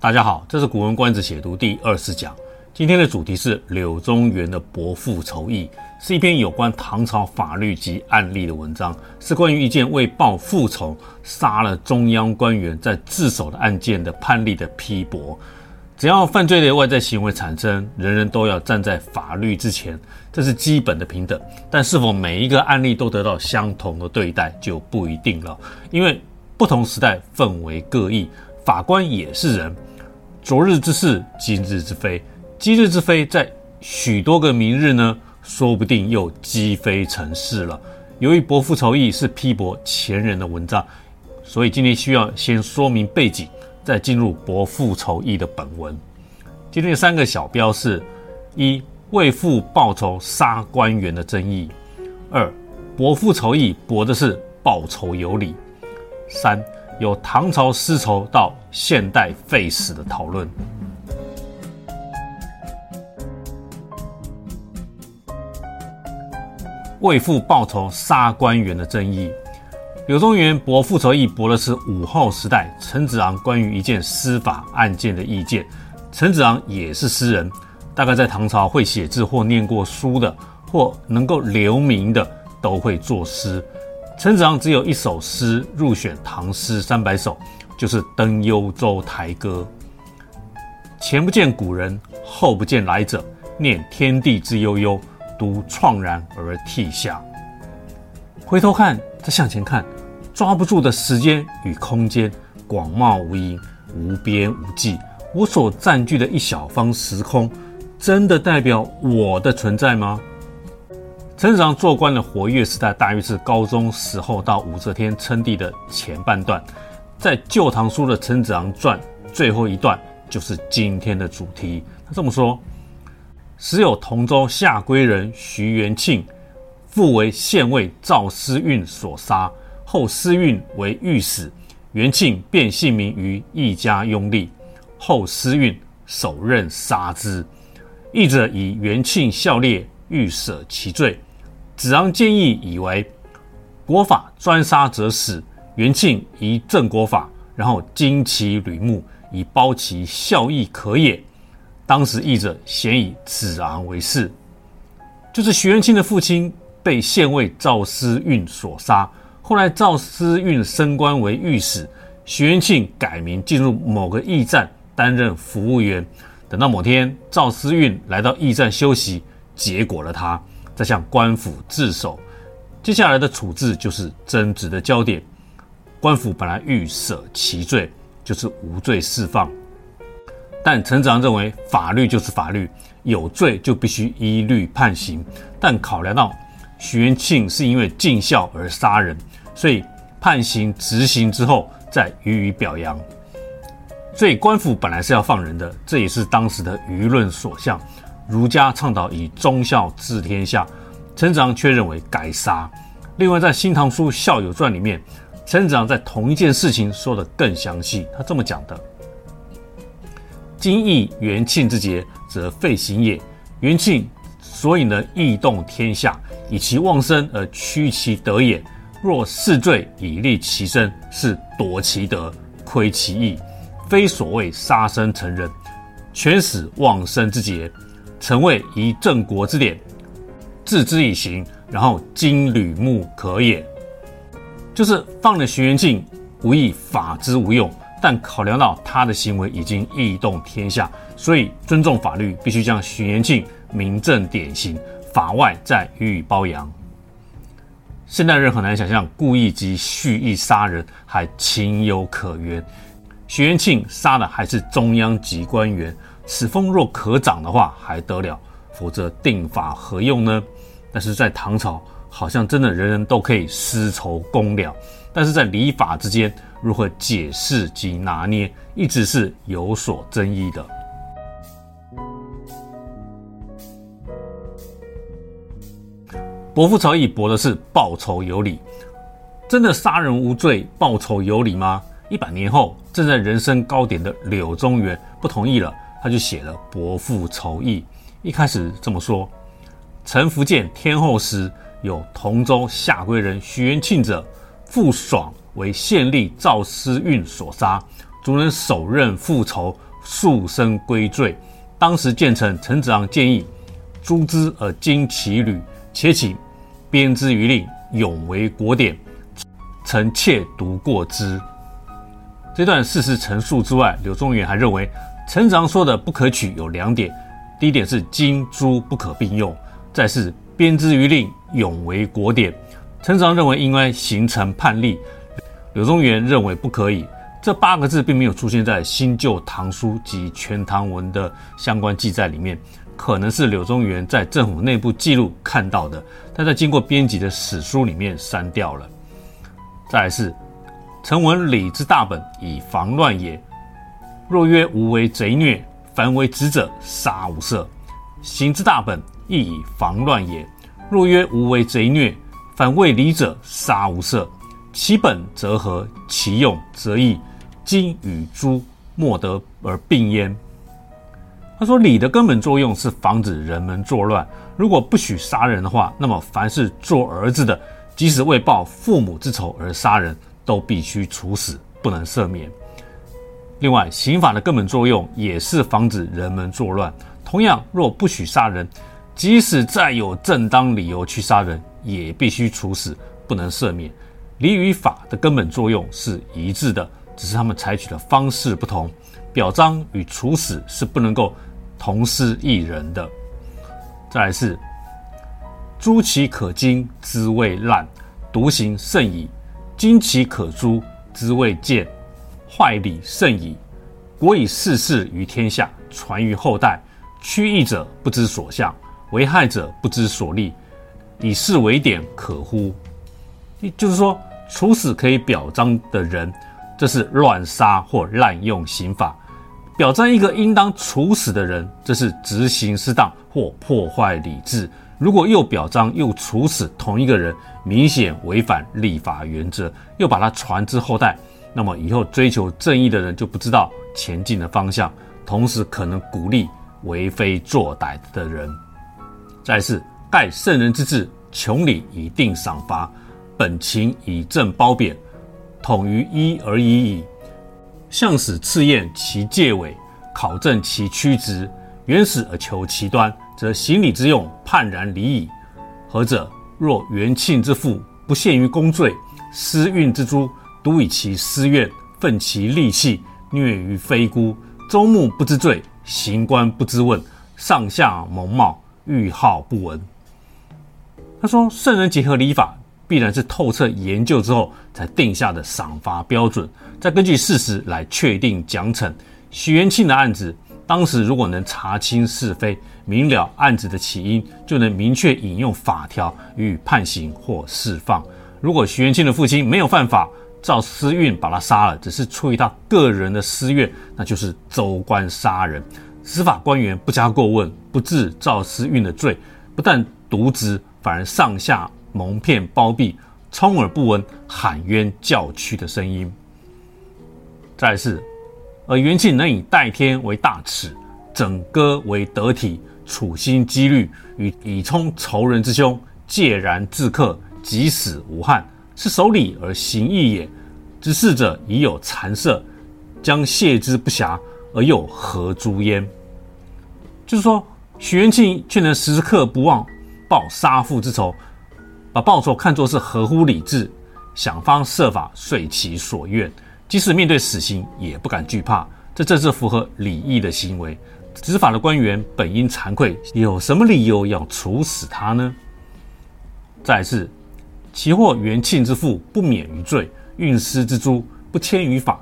大家好，這是《古文觀止》解讀第二十講。今天的主題是柳宗元的《駁復讎議》，是一篇有關唐朝法律及案例的文章，是關於一件為報父仇，殺了中央官員再自首的案件的判例的批駁。只要犯罪的外在行為產生，人人都要站在法律之前，這是基本的平等。但是否每一個案例都得到相同的對待，就不一定了，因為不同時代氛圍各異，法官也是人。昨日之是，今日之非，今日之非，在許多個明日呢，說不定又積非成是了。由於《駁復讎議》是批駁前人的文章，所以今天需要先說明背景，再進入《駁復讎議》的本文。今天三個小標是：一、為父報仇殺官員的爭議；二、《駁復讎議》駁的是報仇有理；三、由唐朝私仇到，現代廢死的討論，為父報仇殺官員的爭議。柳宗元《駁復讎議》，駁的是武後時代陳子昂關於一件司法案件的意見。陳子昂也是詩人，大概在唐朝會寫字或念過書的，或能夠留名的，都會作詩。陳子昂只有一首詩入選《唐詩三百首》。就是《登幽州台歌》，前不見古人，後不見來者，念天地之悠悠，獨愴然而涕下。回頭看，再向前看，抓不住的時間與空間，廣袤無垠，無邊無際。我所占據的一小方時空，真的代表我的存在嗎？陳子昂做官的活躍時代，大約是高中時候到武則天稱帝的前半段。在《舊唐書》的陳子昂傳最後一段，就是今天的主題。他這麼說：“時有同州下邽人徐元慶，父為縣尉，趙思運所殺。後思運為御史，元慶變姓名於一家傭力，後思運手刃殺之。議者以元慶孝烈，欲赦其罪。子昂建議以為：國法專殺者死。”元慶以正國法，然後旌其閭墓，以褒其孝義可也。當時議者咸以子昂為是。就是徐元慶的父親被縣尉趙思運所殺。後來趙思運升官為御史，徐元慶改名進入某個驛站擔任服務員。等到某天趙思運來到驛站休息，結果了他，再向官府自首。接下來的處置就是爭執的焦點。官府本來欲赦其罪，就是無罪釋放。但陳子昂認為法律就是法律，有罪就必須一律判刑。但考量到徐元慶是因為盡孝而殺人，所以判刑執行之後再予以表揚。所以官府本來是要放人的，這也是當時的輿論所向。儒家倡導以忠孝治天下，陳子昂卻認為該殺。另外，在《新唐書·孝友傳》裡面。陳子昂在同一件事情說得更詳細，他這麼講的：今義元慶之節，則廢行也。元慶所以能義動天下，以其旺身而屈其德也。若是罪以利其身，是奪其德，虧其義，非所謂殺身成仁、全死旺身之節。臣謂以正國之典，治之以行，然後金履木可也。就是放了徐元慶，無異法之無用。但考量到他的行為已經異動天下，所以尊重法律，必須將徐元慶明正典刑，法外再予以褒揚。現代人很難想象，故意及蓄意殺人還情有可原。徐元慶殺的還是中央級官員，此風若可長的話，還得了？否則訂法何用呢？但是在唐朝。好像真的，人人都可以私仇公了，但是在禮法之間如何解釋及拿捏，一直是有所爭議的。駁復讎議駁的是報仇有理，真的殺人無罪，報仇有理嗎？一百年後，正在人生高點的柳宗元不同意了，他就寫了《駁復讎議》。一開始這麼說：“臣福建天后時有同州下邽人徐元慶者，父爽為縣吏趙思運所殺，族人手刃復仇，束身歸罪。當時諫臣，陳子昂建議誅之而旌其閭，且請編之於令，永為國典。臣竊獨過之。這段事實陳述之外，柳宗元還認為陳子昂說的不可取有兩點：第一點是旌誅不可併用，再是編之於令。永為國典，陳子昂認為應該形成判例，柳宗元認為不可以。這八個字並沒有出現在新舊唐書及全唐文的相關記載裡面，可能是柳宗元在政府內部記錄看到的，但在經過編輯的史書裡面刪掉了。再來是，臣聞禮之大本以防亂也，若曰無為賊虐，凡為職者殺無赦，刑之大本亦以防亂也。若曰無為賊虐，反為理者殺無赦。其本則合，其用則異。旌與誅莫得而並焉。他說，禮的根本作用是防止人們作亂。如果不許殺人的話，那麼凡是做兒子的，即使為報父母之仇而殺人，都必須處死，不能赦免。另外，刑法的根本作用也是防止人們作亂。同樣，若不許殺人。即使再有正當理由去殺人，也必須處死，不能赦免。禮與法的根本作用是一致的，只是他們採取的方式不同。表彰與處死是不能夠同施一人的。再來是，誅其可旌之謂濫，黷刑甚矣；旌其可誅之謂僭，壞禮甚矣。國以是示於天下，傳於後代，趨義者不知所向。為害者不知所立，以是為典可乎？也就是說，處死可以表彰的人，這是亂殺或濫用刑法；表彰一個應當處死的人，這是執行失當或破壞理智。如果又表彰又處死同一個人，明顯違反立法原則，又把他傳之後代，那麼以後追求正義的人就不知道前進的方向，同時可能鼓勵為非作歹的人。但是，蓋聖人之治，窮理以定賞罰，本情以正褒貶，統於一而已矣。向使賜宴其戒委，考證其曲直。原始而求其端，則行禮之用，判然離矣。何者？若元慶之父，不限於公罪，私運之誅，獨以其私怨，憤其戾氣，虐於非辜。州牧不知罪，行官不知問，上下蒙冒。欲號不聞。他說：“聖人結合禮法，必然是透徹研究之後才定下的賞罰標準，再根據事實來確定獎懲。”徐元慶的案子，當時如果能查清是非，明了案子的起因，就能明確引用法條予以判刑或釋放。如果徐元慶的父親沒有犯法，趙師韞把他殺了，只是出於他個人的私怨，那就是州官殺人。司法官員不加過問，不治趙師韞的罪，不但瀆職，反而上下蒙騙包庇，充耳不聞喊冤叫屈的聲音。再來是，而元慶能以代天為大恥，枕戈為得體，處心積慮與以衝仇人之胸，介然自克，即死無憾，是守禮而行義也。知事者已有殘色，將謝之不暇，而又何誅焉？就是說，徐元慶卻能時刻不忘報殺父之仇，把報仇看作是合乎禮制，想方設法遂其所願，即使面對死刑也不敢懼怕，這正是符合禮義的行為。執法的官員本應慚愧，有什麼理由要處死他呢？再次，其或元慶之父不免於罪，運私之誅不遷於法，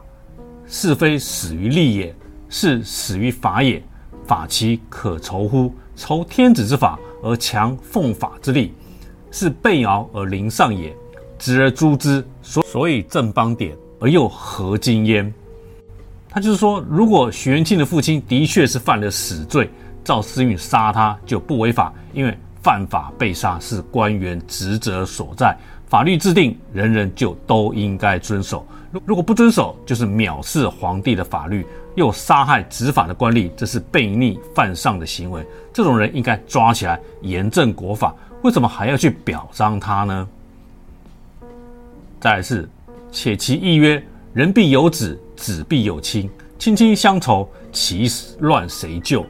是非死於利也，是死於法也。法其可仇乎？仇天子之法而強奉法之力，是悖驁，而臨上也。執而誅之，所所以正邦典，而又何旌焉？他就是說，如果徐元慶的父親的確是犯了死罪，趙師韞殺他就不違法，因為犯法被殺是官員職責所在。法律制定，人人就都應該遵守。如如果不遵守，就是藐視皇帝的法律。又殺害執法的官吏，這是悖逆犯上的行為。這種人應該抓起來嚴正國法，為什麼還要去表彰他呢？再來是，且其義曰：人必有子，子必有親，親親相仇，其死亂誰救？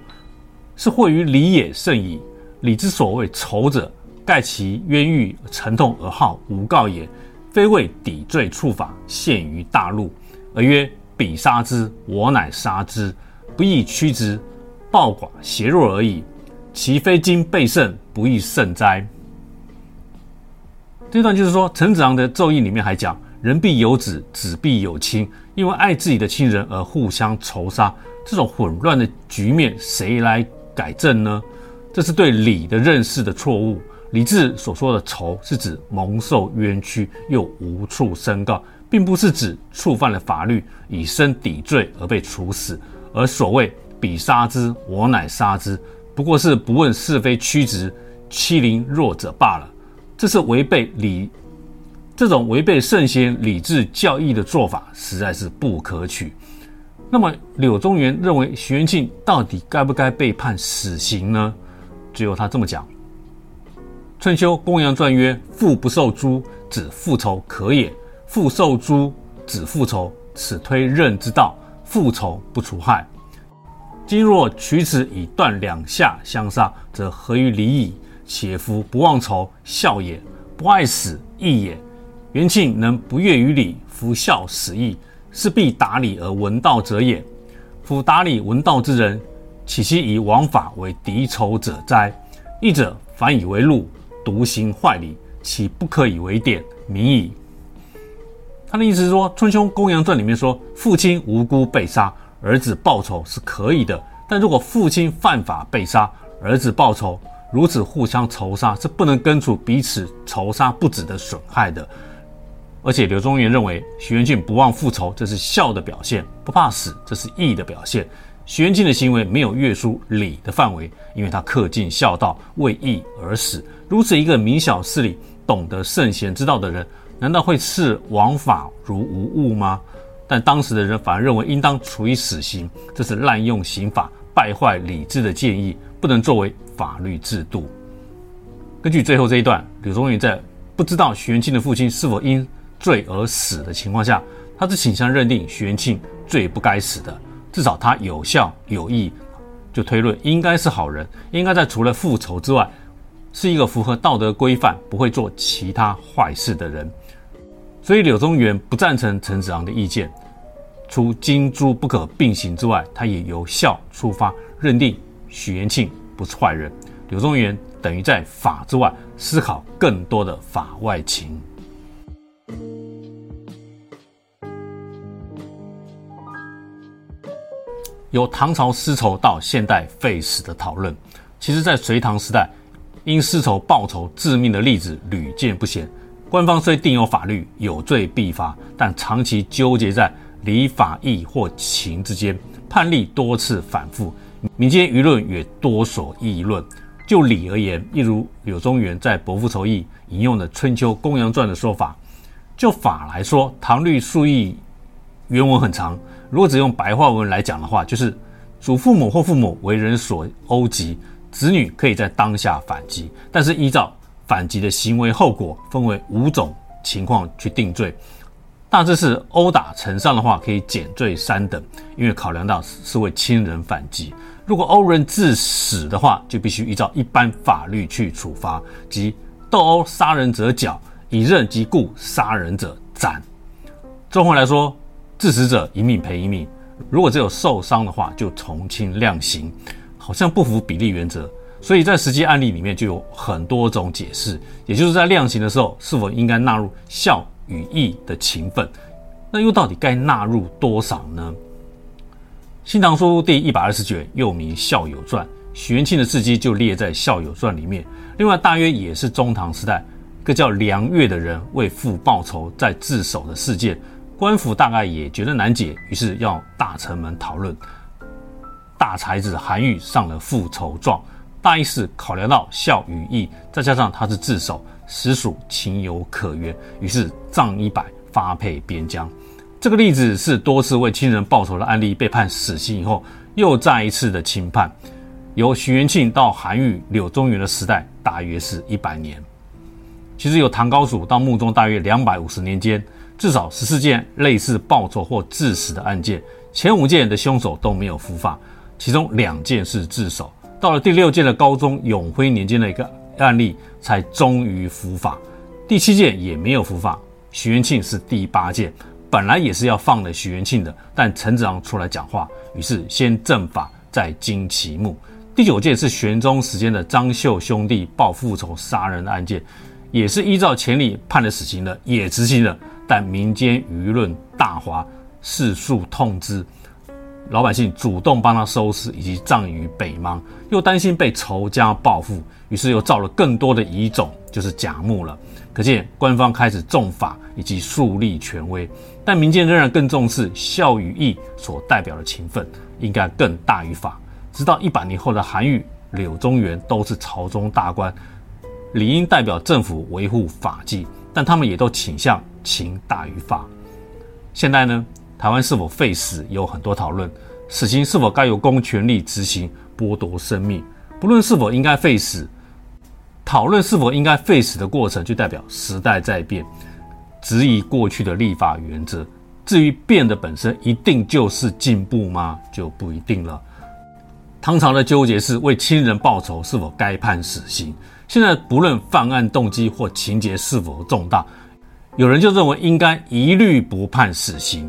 是惑於禮也甚矣。禮之所謂仇者，蓋其冤獄沉痛而好，無告也，非為抵罪觸法陷於大戮，而曰。彼殺之，我乃殺之，不議曲直，暴寡邪弱而已，其非經背聖，不亦甚哉？這段就是說，陳子昂的奏議裡面還講：“人必有子，子必有親，因為愛自己的親人而互相仇殺，這種混亂的局面，誰來改正呢？”這是對禮的認識的錯誤。禮制所說的“仇”，是指蒙受冤屈又無處申告。並不是指觸犯了法律，以身抵罪而被處死，而所謂“彼殺之，我乃殺之”，不過是不問是非曲直，欺凌弱者罷了。這是違背禮，這種違背聖賢禮制教義的做法，實在是不可取。那麼，柳宗元認為徐元慶到底該不該被判死刑呢？只有他這麼講：“春秋公羊傳曰：‘父不受誅，子復仇可也。’”父受誅，子復仇，此推刃之道。復仇不除害，今若取此以斷兩下相殺，則合於禮矣？且夫不忘仇，孝也；不愛死，義也。元慶能不悅於禮，服孝死義，是必達理而聞道者也。夫達理聞道之人，豈其，其以王法為敵仇者哉？義者反以為戮，獨行壞禮，其不可以為典明矣？他的意思是說，《春秋公羊傳》裡面說，父親無辜被殺，兒子報仇是可以的；但如果父親犯法被殺，兒子報仇，如此互相仇殺，是不能根除彼此仇殺不止的損害的。而且，柳宗元認為，徐元慶不忘復仇，這是孝的表現；不怕死，這是義的表現。徐元慶的行為沒有約束禮的範圍，因為他恪盡孝道，為義而死。如此一個明曉事理、懂得聖賢之道的人。難道會視王法如無物嗎？但當時的人反而認為應當處以死刑，這是濫用刑法、敗壞禮制的建議，不能作為法律制度。根據最後這一段，柳宗元在不知道徐元慶的父親是否因罪而死的情況下，他是傾向認定徐元慶罪不該死的，至少他有孝有義，就推論應該是好人，應該在除了復仇之外，是一個符合道德規範、不會做其他壞事的人。所以柳宗元不贊成陳子昂的意見，除旌誅不可並行之外，他也由孝出發，認定徐元慶不是壞人。柳宗元等於在法之外思考更多的法外情。由唐朝私仇到現代廢死的討論，其實在隋唐時代，因私仇報仇致命的例子屢見不鮮。官方雖定有法律，有罪必罰，但長期糾結在禮法義或情之間，判例多次反覆，民間輿論也多所議論。就禮而言，例如柳宗元在《駁復讎議》引用的《春秋公羊傳》的說法；就法來說，《唐律疏議》原文很長，如果只用白話文來講的話，就是祖父母或父母為人所毆擊，子女可以在當下反擊，但是依照。反擊的行為後果分為五種情況去定罪，大致是毆打成傷的話可以減罪三等，因為考量到是為親人反擊；如果毆人致死的話，就必須依照一般法律去處罰，即鬥毆殺人者絞，以刃及故殺人者斬。綜合來說，致死者一命賠一命；如果只有受傷的話，就從輕量刑，好像不符比例原則。所以在實際案例裡面就有很多種解釋，也就是在量刑的時候是否應該納入孝與義的情分，那又到底該納入多少呢？《新唐書》第一百二十卷又名《孝友傳》，徐元慶的事跡就列在《孝友傳》裡面。另外，大約也是中唐時代，一個叫梁月的人為父報仇在自首的事件，官府大概也覺得難解，於是要大臣們討論。大才子韓愈上了復仇狀。大意是考量到孝與義，再加上他是自首，實屬情有可原。於是杖一百，發配邊疆。這個例子是多次為親人報仇的案例，被判死刑以後，又再一次的輕判。由徐元慶到韓愈、柳宗元的時代，大約是一百年。其實由唐高祖到穆宗大約兩百五十年間，至少十四件類似報仇或致死的案件，前五件的凶手都沒有伏法，其中兩件是自首。到了第六屆的高宗永徽年間的一個案例，才終於伏法。第七屆也沒有伏法。徐元慶是第八屆，本來也是要放了徐元慶的，但陳子昂出來講話，於是先正法再旌其墓。第九屆是玄宗時間的張秀兄弟報復仇殺人的案件，也是依照前例判了死刑的，也執行了。但民間輿論大譁，世庶痛之。老百姓主動幫他收屍以及葬於北邙，又擔心被仇家報復，於是又造了更多的疑塚，就是假墓了。可見官方開始重法以及樹立權威，但民間仍然更重視孝與義所代表的情分，應該更大於法。直到一百年後的韓愈、柳宗元都是朝中大官，理應代表政府維護法紀，但他們也都傾向情大於法。現在呢？台灣是否廢死有很多討論，死刑是否該由公權力執行剝奪生命，不論是否應該廢死，討論是否應該廢死的過程就代表時代在變，質疑過去的立法原則。至於變的本身，一定就是進步嗎？就不一定了。唐朝的糾結是為親人報仇是否該判死刑，現在不論犯案動機或情節是否重大，有人就認為應該一律不判死刑。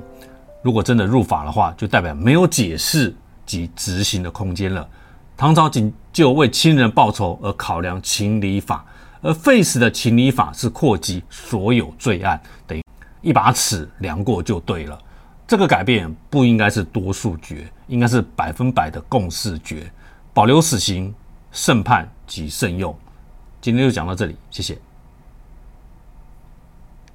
如果真的入法的話，就代表沒有解釋及執行的空間了。唐朝僅就為親人報仇而考量情理法，而廢死的情理法是擴及所有罪案，等於一把尺量過就對了。這個改變不應該是多數決，應該是百分百的共識決。保留死刑，慎判及慎用。今天就講到這裡，謝謝。